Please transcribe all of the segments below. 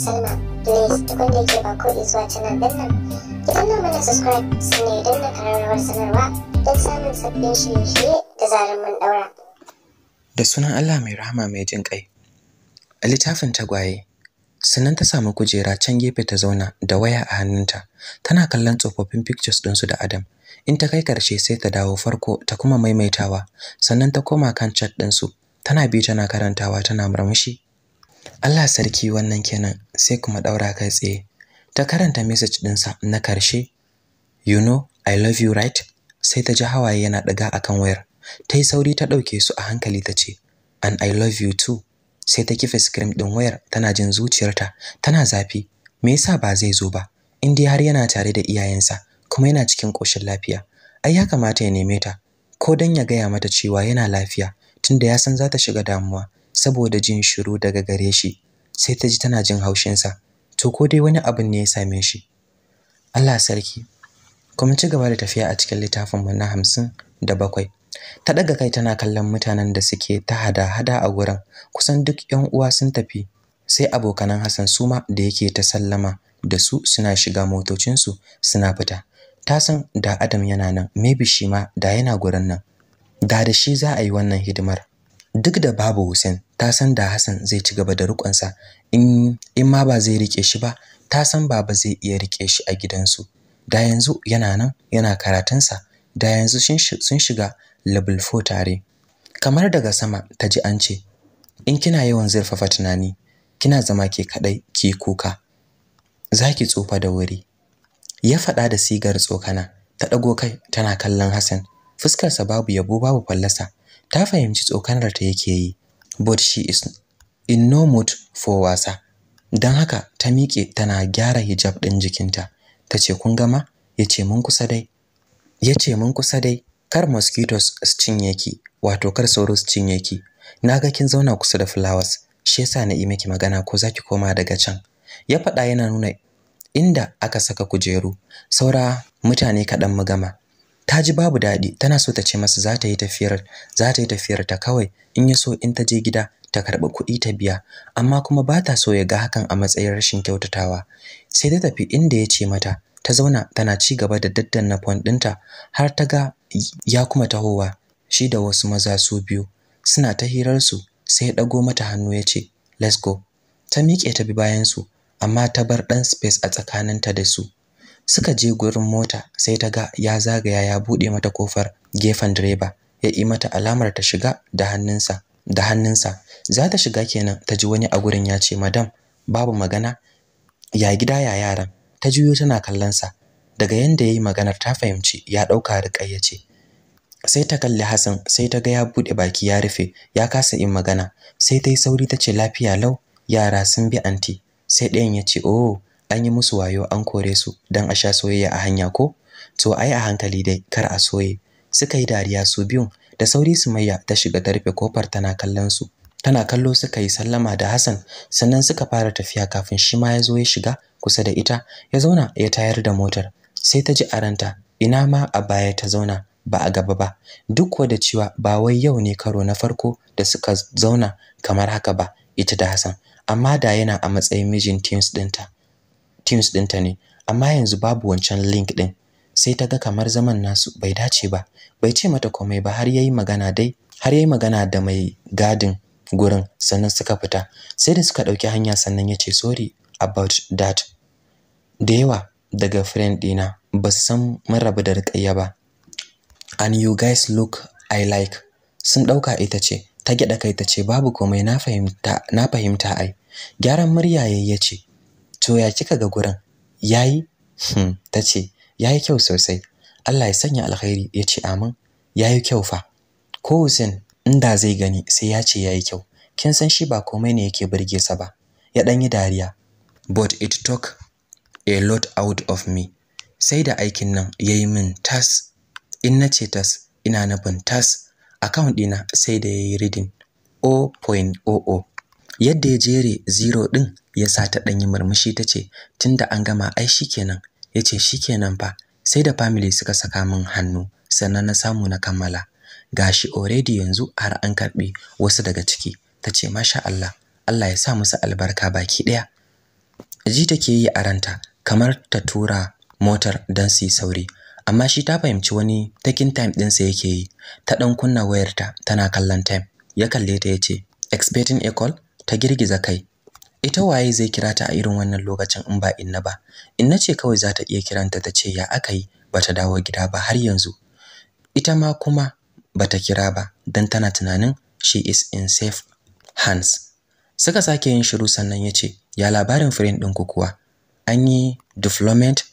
salma wanda ba subscribe sanarwa don samun sabbin shirye-shirye da sunan Allah mai rahama mai jin kai a littafin tagwaye sannan ta samu kujera can gefe ta zauna da waya a hannunta tana kallon tsofaffin pictures ɗinsu da Adam in ta kai karshe sai ta dawo farko ta kuma maimaitawa sannan ta koma kan chat ɗinsu tana bi tana karantawa tana murmushi Allah sarki wannan kenan sai kuma daura kai tsaye ta karanta message dinsa na karshe you know i love you right sai ta ji hawaye yana daga akan wayar ta yi sauri ta ɗauke su a hankali ta ce and i love you too sai ta kife screen din wayar tana jin zuciyarta tana zafi me yasa ba zai zo ba in dai har yana tare da iyayensa kuma yana cikin koshin lafiya ai ya kamata ya neme ta ko dan ya gaya mata cewa yana lafiya tunda ya san za ta shiga damuwa saboda jin shiru daga gare shi sai ta ji tana jin haushinsa to ko dai wani abin ne ya same shi Allah sarki Ku ci gaba da tafiya a cikin littafin mu na hamsin da bakwai ta daga kai tana kallon mutanen da suke ta hada-hada a wurin kusan duk yan uwa sun tafi sai abokanan Hassan suma da yake ta sallama da su suna shiga motocinsu suna fita ta san da Adam yana nan maybe shi ma da yana gurin nan da da shi za a yi wannan hidimar duk da babu Hussein ta san da Hassan zai ci gaba da rukunsa in in ma ba zai rike shi ba ta san baba zai iya rike shi a gidansu da yanzu yana nan yana karatunsa da yanzu sun shiga level 4 tare kamar daga sama ta ji an ce in kina yawan zurfafa tunani kina zama ke kadai ki kuka zaki tsufa da wuri ya faɗa da sigar tsokana ta ɗago kai tana kallon Hassan fuskarsa babu yabo babu fallasa ta fahimci tsokanar ta yake yi but she is in no mood for wasa don haka ta miƙe tana gyara hijab ɗin jikinta ta ce kun gama ya ce mun kusa dai ya ce mun kusa dai kar mosquitoes su cinye ki wato kar sauro su cinye ki na ga kin zauna kusa da flowers shi yasa na yi miki magana ko za ki koma daga can ya faɗa yana nuna inda aka saka kujeru saura mutane kaɗan mu gama ta ji babu daɗi tana so ta ce masa za ta yi tafiyar za ta yi tafiyar ta kawai in ya so in ta je gida ta karɓi kuɗi ta biya amma kuma ba ta so ya ga hakan a matsayin rashin kyautatawa sai ta tafi inda ya ce mata ta zauna tana ci gaba da daddanna fon ɗinta har ta ga ya kuma tahowa shi da wasu maza su biyu suna ta hirar su sai ya ɗago mata hannu ya ce let's go ta miƙe ta bi bayansu amma ta bar ɗan space a tsakaninta da su suka je gurin mota sai ta ga ya zagaya ya buɗe mata kofar gefen direba ya yi mata alamar ta shiga da hannunsa da hannunsa za ta shiga kenan ta ji wani a gurin ya ce madam babu magana ya gida ya yaran ta juyo tana kallon sa daga yanda ya yi maganar ta fahimci ya ɗauka riƙayya ce sai ta kalli Hassan sai ta ga ya buɗe baki ya rufe ya kasa yin magana sai ta yi sauri ta ce lafiya lau yara sun bi anti sai ɗayan ya ce oh an yi musu wayo an kore su don a sha soyayya a hanya ko to ai a hankali dai kar a soye suka yi dariya su biyun da sauri su Maiya ta shiga tarfe kofar tana kallon su tana kallo suka yi sallama da Hassan sannan suka fara tafiya kafin shi ma ya zo ya shiga kusa da ita ya zauna ya tayar da motar sai ta ji aranta ina ma a baya ta zauna ba a gaba ba duk da cewa ba wai yau ne karo na farko da suka zauna kamar haka ba ita da Hassan amma da yana a matsayin mijin teams ɗinta. teams ɗinta ne amma yanzu babu wancan link ɗin sai ta ga kamar zaman nasu bai dace ba bai ce mata komai ba har yayi magana dai har yayi magana da mai gadin gurin sannan suka fita sai da suka ɗauki hanya sannan ya ce sorry about that da yawa daga friend ɗina ba su san mun rabu da riƙayya ba and you guys look I like sun ɗauka ita ce ta gyaɗa kai ta ce babu komai na fahimta ai gyaran murya yayi ya ce to ya kika ga gurin yayi hmm tace yayi kyau sosai Allah ya sanya alkhairi yace amin yayi kyau fa ko Hussein inda zai gani sai ya ce yayi kyau kin san shi ba komai ne yake burge sa ba ya danyi dariya but it took a lot out of me sai da aikin nan yayi min tas in nace tas ina nufin tas account dina sai da yayi reading 0.00 yadda ya jere 0 din ya sa ta ɗanyi murmushi ta ce tunda an gama ai shi kenan, yace ce kenan fa sai da family suka saka min hannu sannan na samu na kammala gashi already yanzu har an karɓi wasu daga ciki ta ce masha Allah Allah ya sa musu albarka baki ɗaya ji take yi a ranta kamar ta tura motar don su yi sauri amma shi ta fahimci wani takin time sa yake yi ta ɗan kunna wayarta tana kallon time ya kalle ta ya ce expecting a call ta girgiza kai ita waye zai kira ta a irin wannan lokacin in ba inna ba inna ce kawai za ta iya kiranta ta ce ya aka yi bata dawo gida ba har yanzu ita ma kuma bata kira ba dan tana tunanin she is in safe hands suka sake yin shiru sannan ya ce ya labarin firin ɗin ku kuwa an yi deployment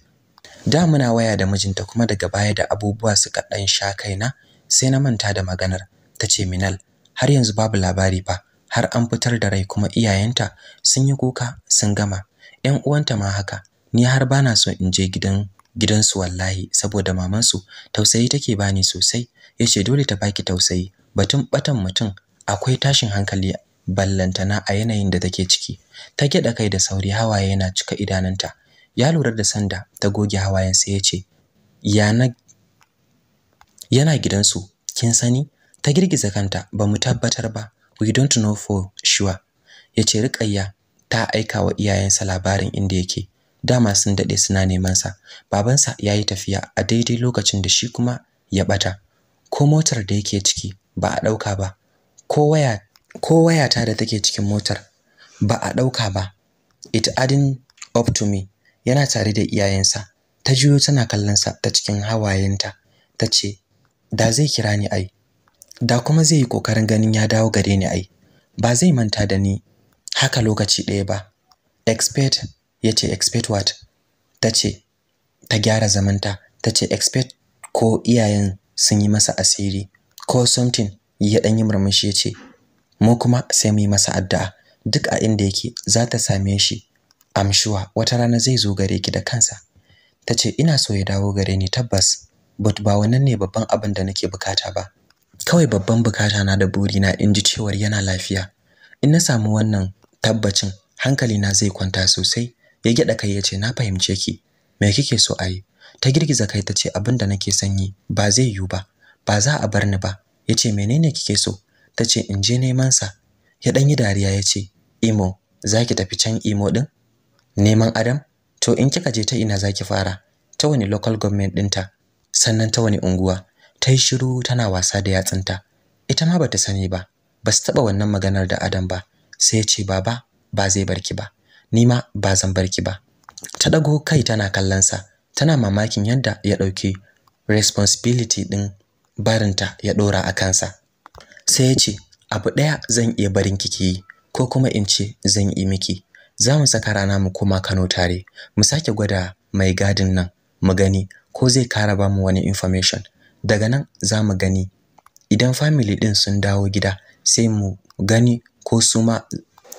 da muna waya da mijinta kuma daga baya da abubuwa suka ɗan sha kaina sai na manta da maganar ta ce minal har yanzu babu labari ba. har an fitar da rai kuma iyayenta sun yi kuka sun gama 'Yan uwanta ma haka ni har bana so in je gidan gidansu wallahi saboda mamansu tausayi take bani sosai yace dole ta baki tausayi batun batan mutum akwai tashin hankali ballantana a yanayin da take ciki ta gida kai da sauri hawaye yana cika idananta ya lura da sanda ta goge hawayen ya ce. yana gidansu kin sani ta girgiza kanta ba mu tabbatar ba we don't know for sure Ya ce rikayya ta aika wa iyayensa labarin inda yake dama sun dade suna neman sa babansa ya yi tafiya a daidai lokacin da shi kuma ya bata ko motar da yake ciki ba a dauka ba ko waya ko wayata da take cikin motar ba a dauka ba it adding up to me yana tare da iyayensa ta juyo tana kallon sa ta cikin hawayenta tace da zai kira ni ai da kuma zai yi kokarin ganin ya dawo gare ni ai ba zai manta da ni haka lokaci ɗaya ba expert ya ce expert what ta ce ta gyara zamanta ta ce expert ko iyayen sun yi masa asiri ko something ya ɗan yi murmushi ya ce mu kuma sai mu yi masa addu'a duk a inda yake za ta same shi amshuwa wata rana zai zo gare ki da kansa ta ce ina so ya dawo gare ni tabbas but ba wannan ne babban abin da nake bukata ba kawai babban bukata na da burina in ji cewar yana lafiya in na samu wannan tabbacin hankali na zai kwanta sosai ya gyada kai ya ce na fahimce ki me kike so a yi ta girgiza kai ta ce abinda da nake sanyi ba zai yiwu ba ba za a bar ni ba ya ce menene kike so ta ce in je neman sa ya ɗan yi dariya ya ce imo za ki tafi can imo din neman adam to in kika je ta ina za ki fara ta wani local government ɗinta sannan ta wani unguwa ta yi shiru tana wasa da yatsunta ita ma bata sani ba ba su taɓa wannan maganar da adam ba sai ya ce baba ba zai barki ba ni ma ba zan barki ba ta ɗago kai tana kallonsa tana mamakin yadda ya ɗauki responsibility ɗin barinta ya ɗora a kansa sai ya ce abu ɗaya zan iya barin kiki yi ko kuma in ce zan yi miki za mu saka rana mu koma Kano tare mu sake gwada mai gadin nan mu gani ko zai kara ba mu wani information daga nan za mu gani idan family ɗin sun dawo gida sai mu gani ko su ma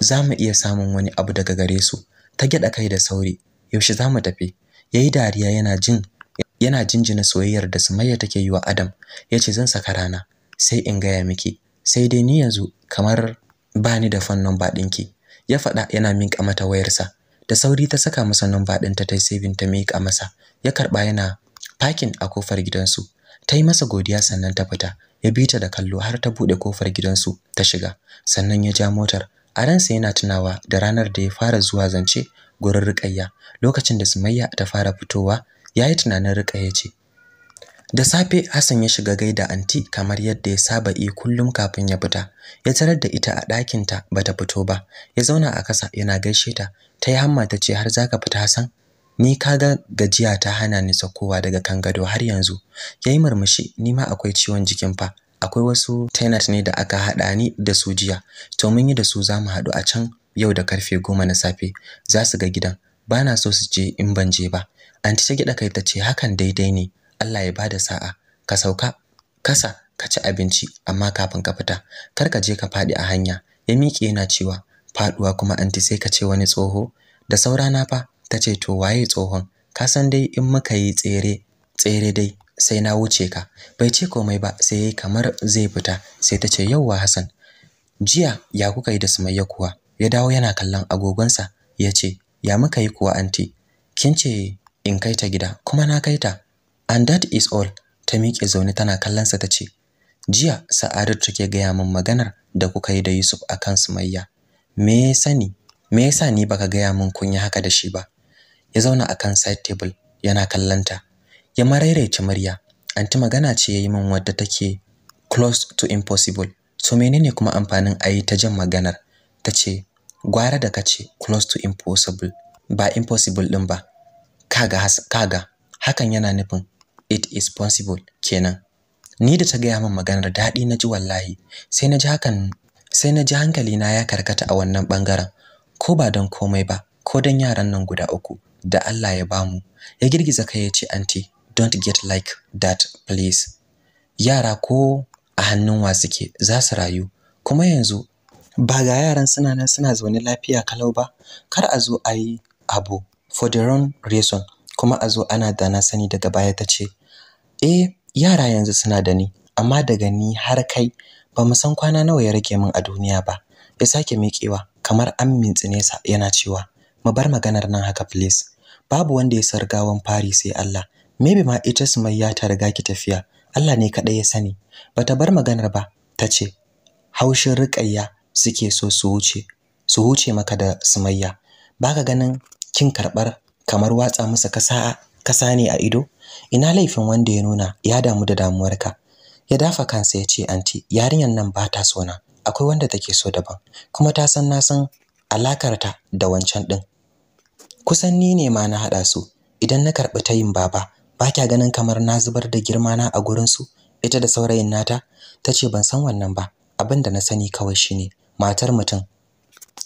za mu iya samun wani abu daga gare su ta gyaɗa kai da sauri yaushe za mu tafi ya yi dariya yana jin yana jinjina soyayyar da su sumayya take yi wa adam ya ce zan saka rana sai in gaya miki sai dai ni yanzu kamar ba ni da fan namba ɗinki ya faɗa yana miƙa mata wayarsa da sauri ta saka masa namba ɗinta ta yi ta miƙa masa ya karɓa yana pakin a kofar gidansu ta yi masa godiya sannan ta fita ya bi ta da kallo har ta buɗe kofar gidansu ta shiga sannan ya ja motar a ransa yana tunawa da ranar da ya fara zuwa zance gurin riƙayya, lokacin da Sumayya ta fara fitowa ya yi tunanin riƙayya ce da safe Hassan ya shiga gaida anti kamar yadda ya saba yi kullum kafin ya fita ya tarar da ita a ɗakinta ba ta fito ba ya zauna a kasa yana gaishe ta ta yi hamma ta ce har zaka fita Hassan ni kaga gajiya ta hana ni sakowa daga kan gado har yanzu yayi murmushi ni ma akwai ciwon jikin fa akwai wasu tenant ne da aka hada ni da su jiya to mun yi da su zamu hadu a can yau da karfe goma na safe za su ga gidan bana so su je in ban je ba anti ta gida kai ta ce hakan daidai ne Allah ya bada sa'a ka sauka kasa ka ci abinci amma kafin ka fita kar ka je ka fadi a hanya ya miƙe yana cewa faduwa kuma anti sai ka ce wani tsoho da saura na fa ta ce to waye tsohon ka san dai in muka yi tsere tsere dai sai na wuce ka bai ce komai ba sai yayi kamar zai fita sai ta ce yauwa Hassan jiya ya kuka yi da Sumayya kuwa ya dawo yana kallon agogonsa ya ce ya muka yi kuwa anti kin ce in kai ta gida kuma na kai ta and that is all ta miƙe zaune tana kallonsa ta ce jiya Sa'adatu take gaya min maganar da kuka yi da Yusuf akan Sumayya me ya sani me yasa ni baka gaya min kun yi haka da shi ba ya zauna a kan side table yana kallanta ya maraireci murya anti magana ce yayi min wadda take close to impossible so menene kuma amfanin ayi ta jan maganar tace gwara da kace close to impossible ba impossible din ba kaga kaga hakan yana nufin it is possible kenan ni da ta gaya min maganar daɗi na ji wallahi sai na ji hakan sai na hankali na ya karkata a wannan bangaren ko ba don komai ba ko dan yaran nan guda uku da Allah ya bamu ya girgiza kai ya ce anti don't get like that please yara ko a hannun wa suke za su rayu kuma yanzu ba ga yaran suna nan suna zaune lafiya kalau ba kar a zo a yi abu for the wrong reason kuma a zo ana da na sani daga baya ta ce eh yara yanzu suna da ni amma daga ni har kai ba mu san kwana nawa ya rage min a duniya ba ya sake miƙewa kamar an mintsi nesa yana cewa mu bar maganar nan haka please babu wanda ya san sargawan fari sai Allah maybe ma ita Sumayya ta riga ki tafiya Allah ne kadai ya sani bata bar maganar ba tace haushin riƙayya suke so su wuce su huce maka da Sumayya baka ganin kin karɓar kamar watsa masa kasa kasa ne a ido ina laifin wanda ya nuna ya damu da damuwarka ya dafa kansa ya ce anti yarinyar nan ba ta sona akwai wanda take so daban kuma ta san na san alakarta da wancan ɗin kusan ni ne ma na haɗa su idan na karɓi tayin baba ba kya ganin kamar na zubar da girma na a gurin su ita da saurayin nata tace ban san wannan ba Abinda na sani kawai shine matar mutum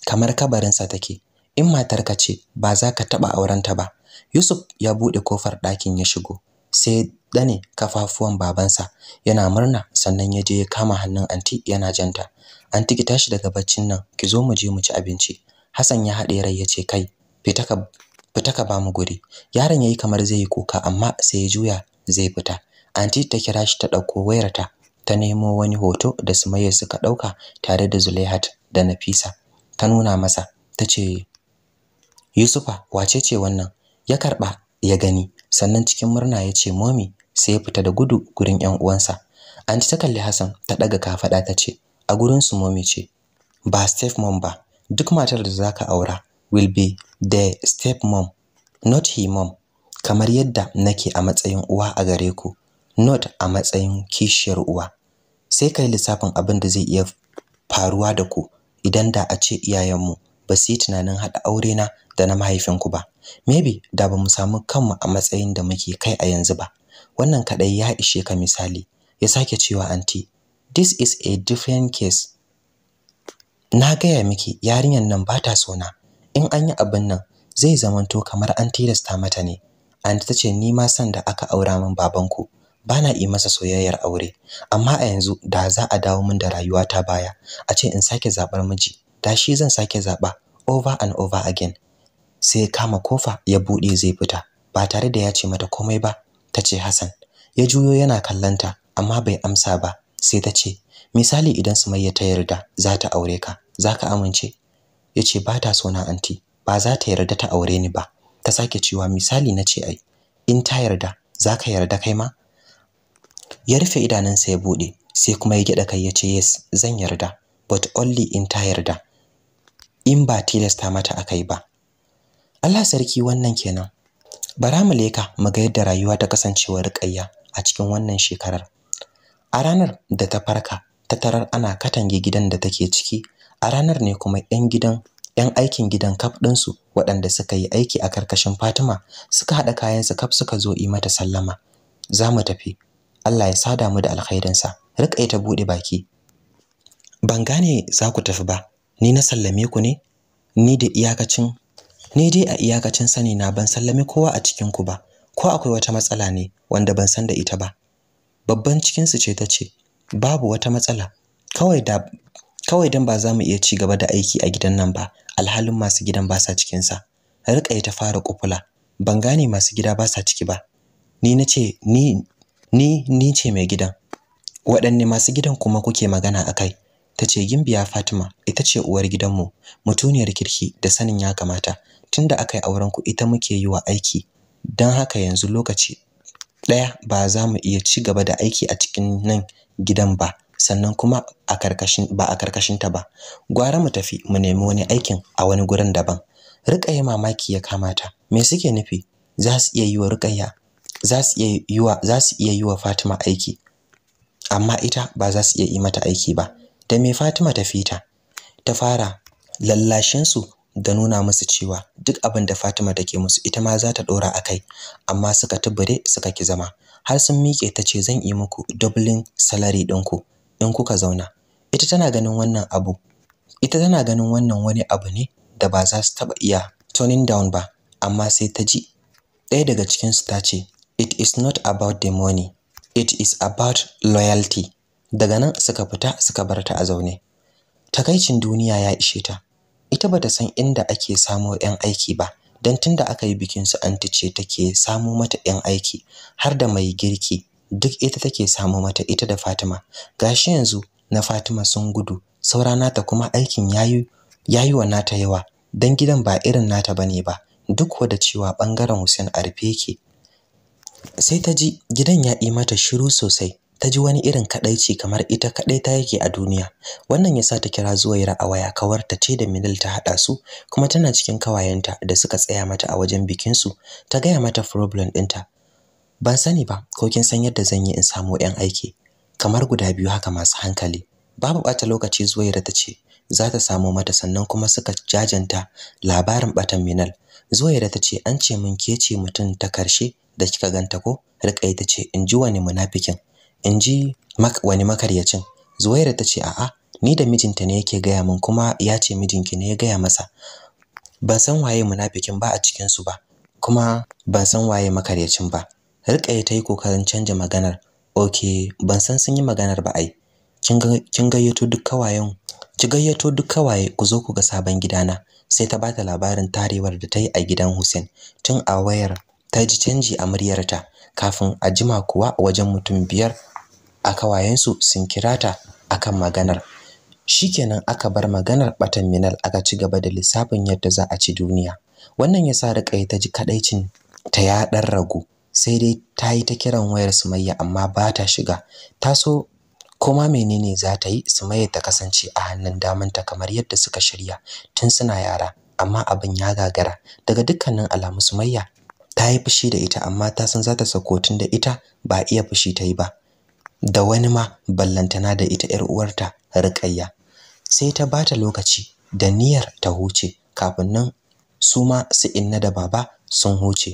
kamar kabarinsa take in matar ka ce ba za ka taɓa aurenta ba yusuf ya buɗe kofar ɗakin ya shigo sai dane kafafuwan babansa yana murna sannan ya je ya kama hannun anti yana janta anti ki tashi daga baccin nan ki zo mu je mu ci abinci Hassan ya haɗe rai ya ce kai fita ka fita ka ba mu guri yaron yayi kamar zai yi kuka amma sai ya juya zai fita anti ta kira shi ta ɗauko wayarta ta nemo wani hoto da Sumayya suka ɗauka tare da Zulaihat da Nafisa ta nuna masa ta ce Yusufa wace ce wannan ya karɓa ya gani sannan cikin murna ya ce momi sai ya fita da gudu gurin 'yan uwansa anti ta kalli Hassan ta daga kafada ta ce a gurin su momi ce ba step mom ba duk matar da zaka aura will be the step mom not he mom kamar yadda nake a matsayin uwa a gare ku not a matsayin kishiyar uwa sai kai lissafin abin da zai iya faruwa da ku idan da a ce iyayenmu ba su yi tunanin haɗa aure na da na mahaifinku ba maybe da bamu samu kanmu a matsayin da muke kai a yanzu ba wannan kadai ya ishe ka misali ya sake cewa anti this is a different case na gaya miki yarinyar nan ba ta sona in an yi abin nan zai zamanto kamar an tilasta mata ne anti ce ni ma san da aka aura min babanku bana yi masa soyayyar aure amma a yanzu da za a dawo min da rayuwa ta baya a ce in sake zaɓar miji da shi zan sake zaɓa over and over again sai ya kama kofa ya buɗe zai fita ba tare da ya ce mata komai ba ta ce Hassan ya juyo yana kallanta amma bai amsa ba sai ta ce misali idan Sumayya ta yarda za ta aure ka za ka amince ya ce ba ta so na anti ba za ta yarda ta aure ni ba ta sake cewa misali na ce ai in ta yarda za ka yarda kai ma ya rufe idanunsa ya buɗe sai kuma ya gyaɗa kai ya ce yes zan yarda but only in ta yarda in ba tilasta mata akai ba Allah sarki wannan kenan bara mu leka mu ga yadda rayuwa ta kasancewa riƙayya a cikin wannan shekarar a ranar da ta farka ta tarar ana katange gidan da take ciki a ranar ne kuma 'yan gidan 'yan aikin gidan kaf ɗinsu waɗanda suka yi aiki a karkashin Fatima suka haɗa su kaf suka zo yi mata sallama za mu tafi Allah ya sada mu da alkhairinsa riƙa ta buɗe baki ban gane za ku tafi ba ni na sallame ku ne ni da iyakacin ni dai a iyakacin sani na ban sallami kowa a cikin ku ba ko akwai wata matsala ne wanda ban san da ita ba babban cikin su ce ta ce babu wata matsala kawai da kawai dan ba za mu iya ci gaba da aiki a gidan nan ba alhalin masu gidan ba sa cikin sa rika ta fara kufula ban gane masu gida ba sa ciki ba ni na ce ni ni ni ce mai gidan waɗanne masu gidan kuma kuke magana akai ta ce gimbiya fatima ita ce uwar gidanmu mutuniyar kirki da sanin ya kamata tun da aka yi auren ku ita muke yi wa aiki don haka yanzu lokaci ɗaya ba za mu iya ci gaba da aiki a cikin nan gidan ba sannan kuma ba a karkashin ta ba gwara mu tafi mu nemi wani aikin a wani gurin daban Rukayya mamaki ya kamata me suke nufi za su iya yi wa Rukayya za su iya yi wa Fatima aiki amma ita ba za su iya yi mata aiki ba da me Fatima ta fita ta fara lallashinsu da nuna musu cewa duk abin da Fatima take musu ita ma za ta dora akai amma suka tubure suka ki zama har sun miƙe ta ce zan yi muku dublin salary ɗinku in kuka zauna ita tana ganin wannan abu ita tana ganin wannan wani abu ne da ba za su taɓa iya turning down ba amma sai ta ji ɗaya daga cikinsu ta ce it is not about the money it is about loyalty daga nan suka fita suka bar ta a zaune takaicin duniya ya ishe ta ita bata san inda ake samo 'yan aiki ba dan tunda aka yi bikin su anti ce take samo mata 'yan aiki har da mai girki duk ita take samo mata ita da Fatima gashi yanzu na Fatima sun gudu saura nata kuma aikin yayi yayi wa nata yawa dan gidan ba irin nata bane ba duk wanda cewa bangaren Hussein arfe yake sai ta ji gidan ya yi mata shiru sosai ta ji wani irin kadaici kamar ita kadai ta yake a duniya wannan yasa ta kira Zuwaira a waya kawar ta ce da Minal ta hada su kuma tana cikin kawayenta da suka tsaya mata a wajen bikin su ta gaya mata problem dinta. ban sani ba ko kin san yadda zan yi in samu yan aiki kamar guda biyu haka masu hankali babu bata lokaci Zuwaira ta ce za ta samu mata sannan kuma suka jajanta labarin batan Minal Zuwaira ta ce an ce mun ke ce mutum ta karshe da kika ganta ko Rika ita ce in ji wani munafikin in ji wani makaryacin zuwaira ta ce a'a ni da mijinta ne yake gaya min kuma ya ce mijinki ne ya gaya masa ban san waye munafikin ba a cikinsu ba kuma ban san waye makaryacin ba rika ta yi kokarin canja maganar ok ban san sun yi maganar ba ai kin gayyato duk kawayen ki gayyato duk kawaye ku zo ku ga sabon gidana sai ta bata labarin tarewar da ta yi a gidan Hussein tun a wayar ta ji canji a muryarta kafin a jima kuwa wajen mutum biyar a kawayensu sun kira ta akan maganar shikenan aka bar maganar batan minal aka ci gaba da lissafin yadda za a ci duniya wannan ya sa riƙa ta ji kadaicin ta ya dan ragu sai dai ta yi ta kiran wayar sumayya amma ba ta shiga ta so kuma menene za ta yi sumayya ta kasance a hannun damanta kamar yadda suka shirya tun suna yara amma abin ya gagara daga dukkanin alamu sumayya ta yi fushi da ita amma ta san za ta sako tun da ita ba iya fushi ta yi ba da wani ma ballantana da ita ‘yar uwarta Rukayya. Sai ta bata lokaci da niyyar ta huce kafin nan su ma su inna da baba sun huce.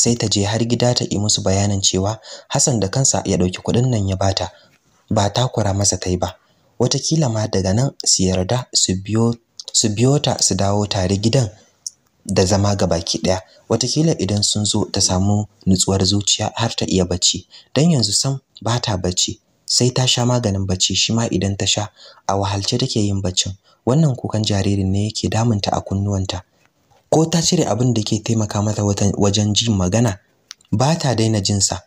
Sai ta je har gida ta yi musu bayanin cewa Hassan da kansa ya ɗauki kuɗin nan ya bata ba takura masa ta yi ba. Wataƙila ma daga nan su yarda su biyo ta su dawo tare gidan da zama ga baki daya watakila idan sun zo ta samu nutsuwar zuciya har ta iya bacci dan yanzu sam ba ta bacci sai ta sha maganin bacci shi ma idan ta sha a wahalce take yin baccin wannan kukan jaririn ne yake damunta a kunnuwanta ko ta cire abin da ke taimaka mata wajen jin magana ba ta daina jinsa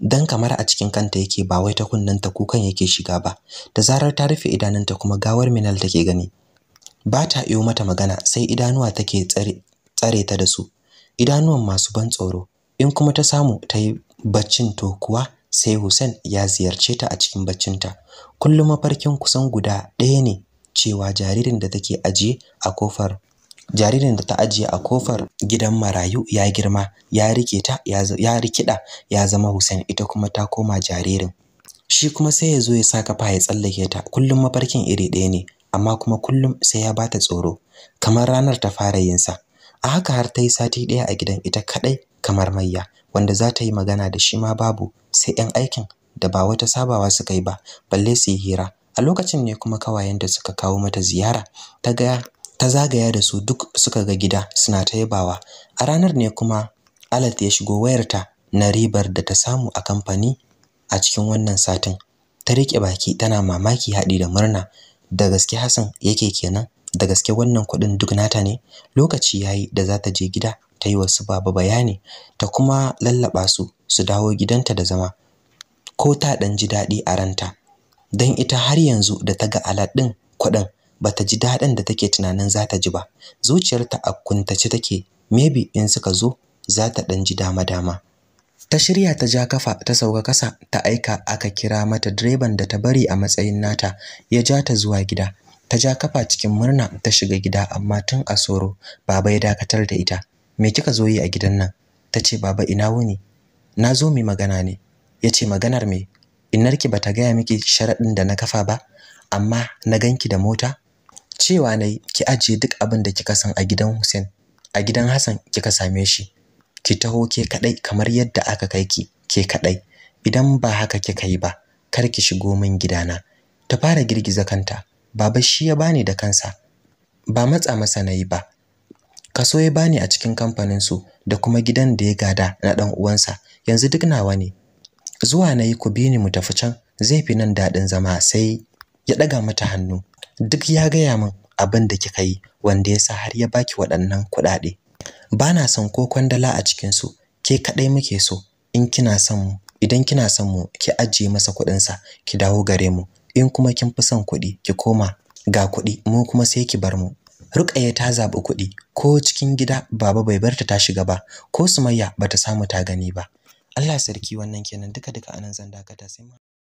dan kamar a cikin kanta yake ba wai ta kunnanta kukan yake shiga ba da zarar ta rufe idanunta kuma gawar minal take gani bata ta iyo mata magana sai idanuwa take tsare tsare ta da su idanuwan masu ban tsoro in kuma ta samu ta yi baccin to kuwa sai Hussein ya ziyarce ta a cikin baccinta kullum mafarkin kusan guda ɗaya ne cewa jaririn da take aje a kofar jaririn da ta ajiye a kofar gidan marayu ya girma ya rike ta ya rikida ya zama Hussein ita kuma ta koma jaririn shi kuma sai ya zo ya sa fa ya tsallake ta kullum mafarkin iri ɗaya ne amma kuma kullum sai ya bata tsoro kamar ranar ta fara yin sa a haka har ta yi sati ɗaya a gidan ita kaɗai kamar mayya wanda za ta yi magana da shi ma babu sai 'yan aikin da ba wata sabawa suka yi ba balle su yi hira a lokacin ne kuma kawayenta suka kawo mata ziyara ta ga ta zagaya da su duk suka ga gida suna ta yabawa a ranar ne kuma alat ya shigo wayarta na ribar da ta samu a kamfani a cikin wannan satin ta riƙe baki tana mamaki haɗi da murna da gaske Hassan yake kenan da gaske wannan kuɗin duk nata ne lokaci yayi da za ta je gida ta yi wasu baba bayani ta kuma lallaɓa su su dawo gidanta da zama ko ta dan ji daɗi a ranta don ita har yanzu da ta ga ɗin kuɗin ta ji daɗin da take tunanin za ta ji ba zuciyarta a kuntace take maybe in suka zo za ta dan ji dama dama ta shirya ta ja kafa ta sauka kasa ta aika aka kira mata direban da ta bari a matsayin nata ya ja ta zuwa gida ta ja kafa cikin murna ta shiga gida amma tun a soro baba ya dakatar da ita me kika zo yi a gidan nan tace baba ina wuni na zo mi magana ne yace maganar me innarki bata gaya miki sharaɗin da na kafa ba amma na ganki da mota cewa nayi ki ajiye duk abin da kika san a gidan Hussein a gidan Hassan kika same shi ki taho ke kadai kamar yadda aka kai ki ke kadai idan ba haka kika yi ba kar ki shigo min gidana ta fara girgiza kanta baba shi ya bani da kansa ba matsa masa nayi ba kaso ya bani a cikin kamfanin su da kuma gidan da ya gada na dan uwansa yanzu duk nawa ne zuwa nayi ku bini mu tafi can zai fi nan dadin zama sai ya daga mata hannu duk ya gaya min abin da kika yi wanda yasa har ya baki waɗannan kuɗaɗe na son ko kwandala a cikin su ke kaɗai muke so in kina son mu idan kina son mu ki ajiye masa kuɗin sa ki dawo gare mu in kuma kin fi son kuɗi ki koma ga kuɗi mu kuma sai ki bar mu Rukayya ta zaɓi kuɗi ko cikin gida baba bai bar ta ta shiga ba ko Sumayya bata samu ta gani ba Allah sarki wannan kenan duka duka anan zan dakata sai